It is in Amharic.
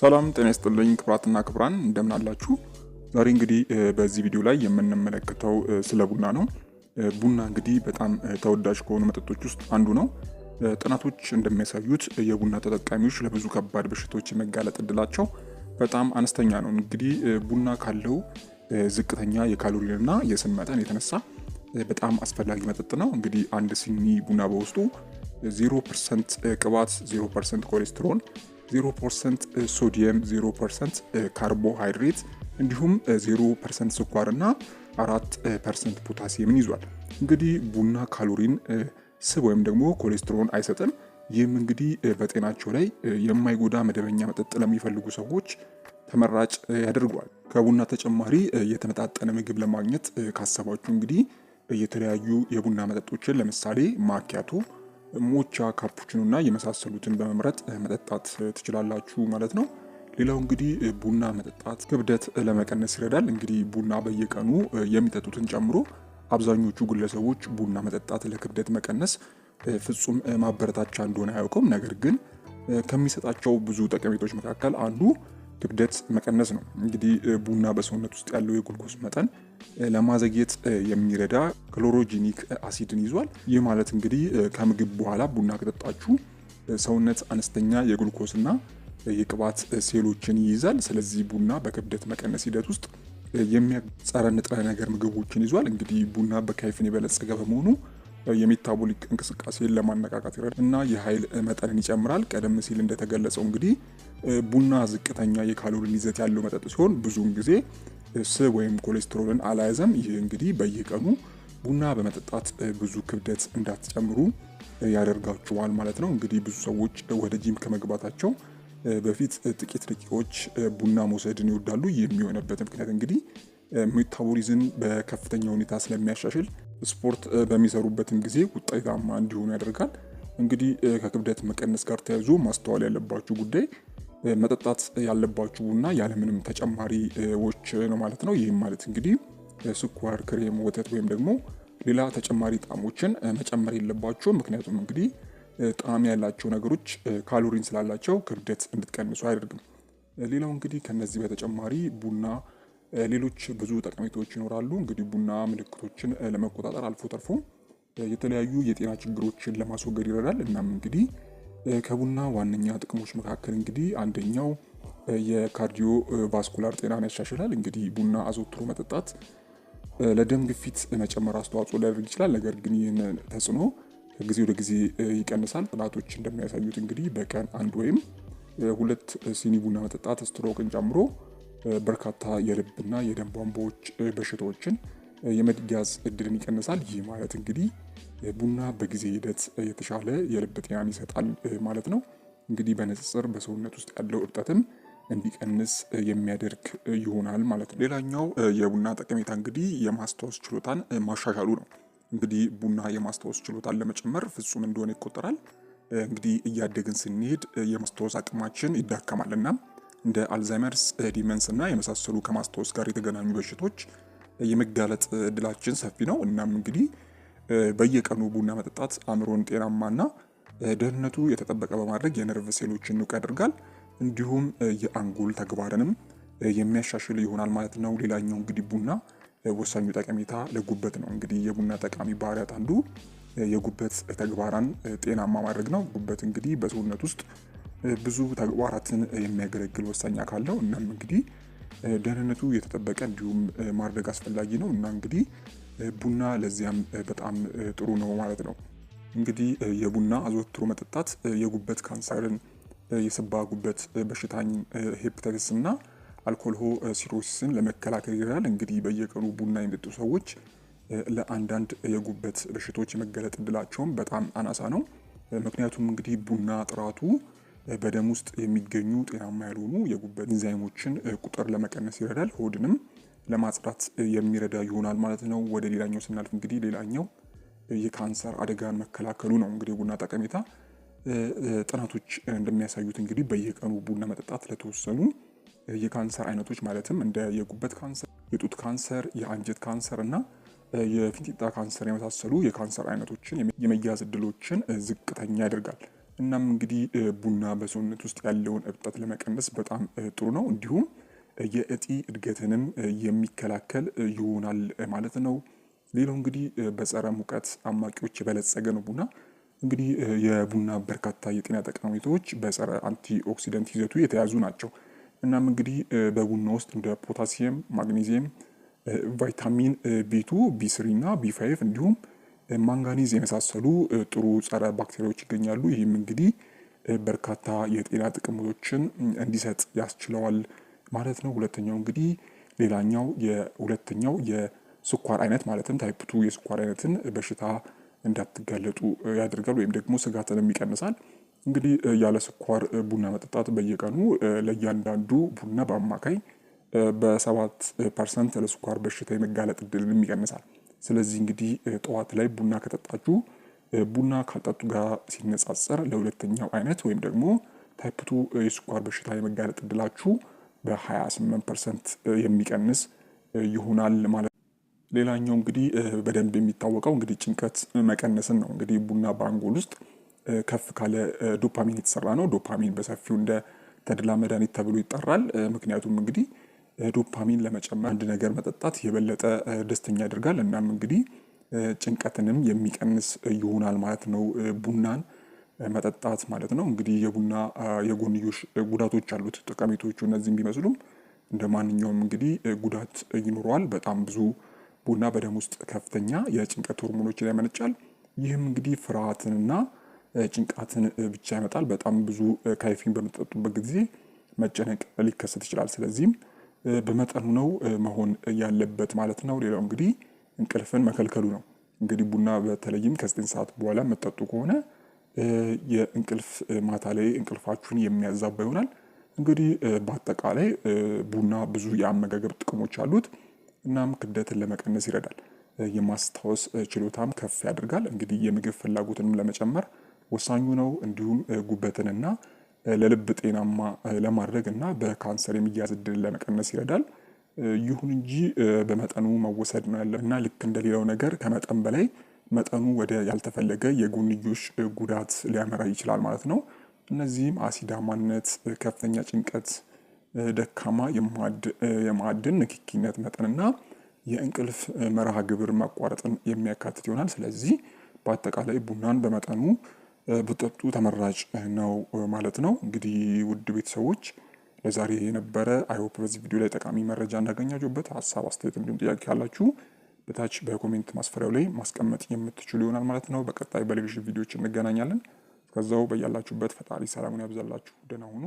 ሰላም ጤና ይስጥልኝ ክብራትና ክብራን እንደምን አላችሁ? ዛሬ እንግዲህ በዚህ ቪዲዮ ላይ የምንመለከተው ስለ ቡና ነው። ቡና እንግዲህ በጣም ተወዳጅ ከሆኑ መጠጦች ውስጥ አንዱ ነው። ጥናቶች እንደሚያሳዩት የቡና ተጠቃሚዎች ለብዙ ከባድ በሽታዎች የመጋለጥ እድላቸው በጣም አነስተኛ ነው። እንግዲህ ቡና ካለው ዝቅተኛ የካሎሪንና የስብ መጠን የተነሳ በጣም አስፈላጊ መጠጥ ነው። እንግዲህ አንድ ሲኒ ቡና በውስጡ 0 ፐርሰንት ቅባት፣ 0 ፐርሰንት ኮሌስትሮል 0% ሶዲየም፣ 0% ካርቦሃይድሬት እንዲሁም 0% ስኳር እና 4% ፖታሲየምን ይዟል። እንግዲህ ቡና ካሎሪን፣ ስብ ወይም ደግሞ ኮሌስትሮን አይሰጥም። ይህም እንግዲህ በጤናቸው ላይ የማይጎዳ መደበኛ መጠጥ ለሚፈልጉ ሰዎች ተመራጭ ያደርገዋል። ከቡና ተጨማሪ የተመጣጠነ ምግብ ለማግኘት ካሰባችሁ እንግዲህ የተለያዩ የቡና መጠጦችን ለምሳሌ ማኪያቶ ሞቻ፣ ካፑችኖ እና የመሳሰሉትን በመምረጥ መጠጣት ትችላላችሁ ማለት ነው። ሌላው እንግዲህ ቡና መጠጣት ክብደት ለመቀነስ ይረዳል። እንግዲህ ቡና በየቀኑ የሚጠጡትን ጨምሮ አብዛኞቹ ግለሰቦች ቡና መጠጣት ለክብደት መቀነስ ፍጹም ማበረታቻ እንደሆነ አያውቁም። ነገር ግን ከሚሰጣቸው ብዙ ጠቀሜቶች መካከል አንዱ ክብደት መቀነስ ነው። እንግዲህ ቡና በሰውነት ውስጥ ያለው የጉልኮስ መጠን ለማዘግየት የሚረዳ ክሎሮጂኒክ አሲድን ይዟል። ይህ ማለት እንግዲህ ከምግብ በኋላ ቡና ከጠጣችሁ ሰውነት አነስተኛ የጉልኮስና የቅባት ሴሎችን ይይዛል። ስለዚህ ቡና በክብደት መቀነስ ሂደት ውስጥ የሚያጸረ ንጥረ ነገር ምግቦችን ይዟል። እንግዲህ ቡና በካይፍን የበለጸገ በመሆኑ የሜታቦሊክ እንቅስቃሴን ለማነቃቃት ይረዳል እና የኃይል መጠንን ይጨምራል። ቀደም ሲል እንደተገለጸው እንግዲህ ቡና ዝቅተኛ የካሎሪን ይዘት ያለው መጠጥ ሲሆን ብዙውን ጊዜ ስብ ወይም ኮሌስትሮልን አላያዘም። ይህ እንግዲህ በየቀኑ ቡና በመጠጣት ብዙ ክብደት እንዳትጨምሩ ያደርጋችኋል ማለት ነው። እንግዲህ ብዙ ሰዎች ወደ ጂም ከመግባታቸው በፊት ጥቂት ደቂቃዎች ቡና መውሰድን ይወዳሉ። የሚሆነበት ምክንያት እንግዲህ ሜታቦሊዝም በከፍተኛ ሁኔታ ስለሚያሻሽል ስፖርት በሚሰሩበትም ጊዜ ውጤታማ እንዲሆኑ ያደርጋል። እንግዲህ ከክብደት መቀነስ ጋር ተያይዞ ማስተዋል ያለባችሁ ጉዳይ መጠጣት ያለባችሁ ቡና ያለምንም ተጨማሪዎች ነው ማለት ነው። ይህም ማለት እንግዲህ ስኳር፣ ክሬም፣ ወተት ወይም ደግሞ ሌላ ተጨማሪ ጣዕሞችን መጨመር የለባቸው። ምክንያቱም እንግዲህ ጣዕም ያላቸው ነገሮች ካሎሪን ስላላቸው ክብደት እንድትቀንሱ አያደርግም። ሌላው እንግዲህ ከነዚህ በተጨማሪ ቡና ሌሎች ብዙ ጠቀሜታዎች ይኖራሉ። እንግዲህ ቡና ምልክቶችን ለመቆጣጠር አልፎ ተርፎ የተለያዩ የጤና ችግሮችን ለማስወገድ ይረዳል። እናም እንግዲህ ከቡና ዋነኛ ጥቅሞች መካከል እንግዲህ አንደኛው የካርዲዮ ቫስኩላር ጤናን ያሻሽላል። እንግዲህ ቡና አዘውትሮ መጠጣት ለደም ግፊት መጨመር አስተዋጽኦ ሊያደርግ ይችላል። ነገር ግን ይህን ተጽዕኖ ከጊዜ ወደ ጊዜ ይቀንሳል። ጥናቶች እንደሚያሳዩት እንግዲህ በቀን አንድ ወይም ሁለት ሲኒ ቡና መጠጣት ስትሮክን ጨምሮ በርካታ የልብና የደም ቧንቧዎች በሽታዎችን የመድጋዝ እድልን ይቀንሳል። ይህ ማለት እንግዲህ ቡና በጊዜ ሂደት የተሻለ የልብ ጤናን ይሰጣል ማለት ነው። እንግዲህ በንጽጽር በሰውነት ውስጥ ያለው እብጠትም እንዲቀንስ የሚያደርግ ይሆናል ማለት ነው። ሌላኛው የቡና ጠቀሜታ እንግዲህ የማስታወስ ችሎታን ማሻሻሉ ነው። እንግዲህ ቡና የማስታወስ ችሎታን ለመጨመር ፍጹም እንደሆነ ይቆጠራል። እንግዲህ እያደግን ስንሄድ የማስታወስ አቅማችን ይዳከማል እናም እንደ አልዛይመርስ፣ ዲመንስ እና የመሳሰሉ ከማስታወስ ጋር የተገናኙ በሽቶች የመጋለጥ እድላችን ሰፊ ነው። እናም እንግዲህ በየቀኑ ቡና መጠጣት አእምሮን ጤናማና ደህንነቱ የተጠበቀ በማድረግ የነርቭ ሴሎችን ንቁ ያደርጋል። እንዲሁም የአንጎል ተግባርንም የሚያሻሽል ይሆናል ማለት ነው። ሌላኛው እንግዲህ ቡና ወሳኙ ጠቀሜታ ለጉበት ነው። እንግዲህ የቡና ጠቃሚ ባህሪያት አንዱ የጉበት ተግባራን ጤናማ ማድረግ ነው። ጉበት እንግዲህ በሰውነት ውስጥ ብዙ ተግባራትን የሚያገለግል ወሳኝ አካል ነው። እናም እንግዲህ ደህንነቱ የተጠበቀ እንዲሁም ማድረግ አስፈላጊ ነው እና እንግዲህ ቡና ለዚያም በጣም ጥሩ ነው ማለት ነው። እንግዲህ የቡና አዘወትሮ መጠጣት የጉበት ካንሰርን፣ የስባ ጉበት በሽታኝ፣ ሄፕተክስ እና አልኮልሆ ሲሮሲስን ለመከላከል ይረዳል። እንግዲህ በየቀኑ ቡና የሚጠጡ ሰዎች ለአንዳንድ የጉበት በሽቶች የመገለጥ እድላቸውም በጣም አናሳ ነው። ምክንያቱም እንግዲህ ቡና ጥራቱ በደም ውስጥ የሚገኙ ጤናማ ያልሆኑ የጉበት ኢንዛይሞችን ቁጥር ለመቀነስ ይረዳል። ሆድንም ለማጽዳት የሚረዳ ይሆናል ማለት ነው። ወደ ሌላኛው ስናልፍ እንግዲህ ሌላኛው የካንሰር አደጋን መከላከሉ ነው። እንግዲህ የቡና ጠቀሜታ ጥናቶች እንደሚያሳዩት እንግዲህ በየቀኑ ቡና መጠጣት ለተወሰኑ የካንሰር አይነቶች ማለትም እንደ የጉበት ካንሰር፣ የጡት ካንሰር፣ የአንጀት ካንሰር እና የፊንጢጣ ካንሰር የመሳሰሉ የካንሰር አይነቶችን የመያዝ እድሎችን ዝቅተኛ ያደርጋል። እናም እንግዲህ ቡና በሰውነት ውስጥ ያለውን እብጠት ለመቀነስ በጣም ጥሩ ነው። እንዲሁም የእጢ እድገትንም የሚከላከል ይሆናል ማለት ነው። ሌላው እንግዲህ በጸረ ሙቀት አማቂዎች የበለጸገ ነው ቡና። እንግዲህ የቡና በርካታ የጤና ጠቀሜታዎች በጸረ አንቲ ኦክሲደንት ይዘቱ የተያዙ ናቸው። እናም እንግዲህ በቡና ውስጥ እንደ ፖታሲየም፣ ማግኔዚየም፣ ቫይታሚን ቢቱ፣ ቢስሪ እና ቢፋይፍ እንዲሁም ማንጋኒዝ የመሳሰሉ ጥሩ ጸረ ባክቴሪያዎች ይገኛሉ። ይህም እንግዲህ በርካታ የጤና ጥቅሞችን እንዲሰጥ ያስችለዋል ማለት ነው። ሁለተኛው እንግዲህ ሌላኛው የሁለተኛው የስኳር አይነት ማለትም ታይፕቱ የስኳር አይነትን በሽታ እንዳትጋለጡ ያደርጋል ወይም ደግሞ ስጋትንም ይቀንሳል። እንግዲህ ያለ ስኳር ቡና መጠጣት በየቀኑ ለእያንዳንዱ ቡና በአማካይ በሰባት ፐርሰንት ለስኳር በሽታ የመጋለጥ እድልን ይቀንሳል። ስለዚህ እንግዲህ ጠዋት ላይ ቡና ከጠጣችሁ ቡና ካልጠጡ ጋር ሲነጻጸር ለሁለተኛው አይነት ወይም ደግሞ ታይፕቱ የስኳር በሽታ የመጋለጥ እድላችሁ በ28 ፐርሰንት የሚቀንስ ይሆናል ማለት ነው። ሌላኛው እንግዲህ በደንብ የሚታወቀው እንግዲህ ጭንቀት መቀነስን ነው። እንግዲህ ቡና በአንጎል ውስጥ ከፍ ካለ ዶፓሚን የተሰራ ነው። ዶፓሚን በሰፊው እንደ ተድላ መድኃኒት ተብሎ ይጠራል። ምክንያቱም እንግዲህ ዶፓሚን ለመጨመር አንድ ነገር መጠጣት የበለጠ ደስተኛ ያደርጋል። እናም እንግዲህ ጭንቀትንም የሚቀንስ ይሆናል ማለት ነው ቡናን መጠጣት ማለት ነው። እንግዲህ የቡና የጎንዮሽ ጉዳቶች አሉት። ጠቀሜቶቹ እነዚህም ቢመስሉም እንደ ማንኛውም እንግዲህ ጉዳት ይኖረዋል። በጣም ብዙ ቡና በደም ውስጥ ከፍተኛ የጭንቀት ሆርሞኖችን ያመነጫል። ይህም እንግዲህ ፍርሃትንና ጭንቃትን ብቻ ያመጣል። በጣም ብዙ ካይፊን በምትጠጡበት ጊዜ መጨነቅ ሊከሰት ይችላል። ስለዚህም በመጠኑ ነው መሆን ያለበት ማለት ነው። ሌላው እንግዲህ እንቅልፍን መከልከሉ ነው። እንግዲህ ቡና በተለይም ከዘጠኝ ሰዓት በኋላ መጠጡ ከሆነ የእንቅልፍ ማታ ላይ እንቅልፋችሁን የሚያዛባ ይሆናል። እንግዲህ በአጠቃላይ ቡና ብዙ የአመጋገብ ጥቅሞች አሉት። እናም ክብደትን ለመቀነስ ይረዳል። የማስታወስ ችሎታም ከፍ ያደርጋል። እንግዲህ የምግብ ፍላጎትንም ለመጨመር ወሳኙ ነው። እንዲሁም ጉበትንና ለልብ ጤናማ ለማድረግ እና በካንሰር የሚያዝ እድልን ለመቀነስ ይረዳል። ይሁን እንጂ በመጠኑ መወሰድ ነው ያለ እና ልክ እንደሌላው ነገር ከመጠን በላይ መጠኑ ወደ ያልተፈለገ የጎንዮሽ ጉዳት ሊያመራ ይችላል ማለት ነው። እነዚህም አሲዳማነት፣ ከፍተኛ ጭንቀት፣ ደካማ የማዕድን ንክኪነት መጠንና የእንቅልፍ መርሃ ግብር መቋረጥን የሚያካትት ይሆናል። ስለዚህ በአጠቃላይ ቡናን በመጠኑ ብትጠጡ ተመራጭ ነው ማለት ነው። እንግዲህ ውድ ቤተሰቦች ለዛሬ የነበረ አይሆፕ በዚህ ቪዲዮ ላይ ጠቃሚ መረጃ እንዳገኛችሁበት፣ ሀሳብ አስተያየት፣ እንዲሁም ጥያቄ ካላችሁ በታች በኮሜንት ማስፈሪያው ላይ ማስቀመጥ የምትችሉ ይሆናል ማለት ነው። በቀጣይ በሌሎች ቪዲዮዎች እንገናኛለን። እስከዛው በያላችሁበት ፈጣሪ ሰላሙን ያብዛላችሁ። ደህና ሁኑ።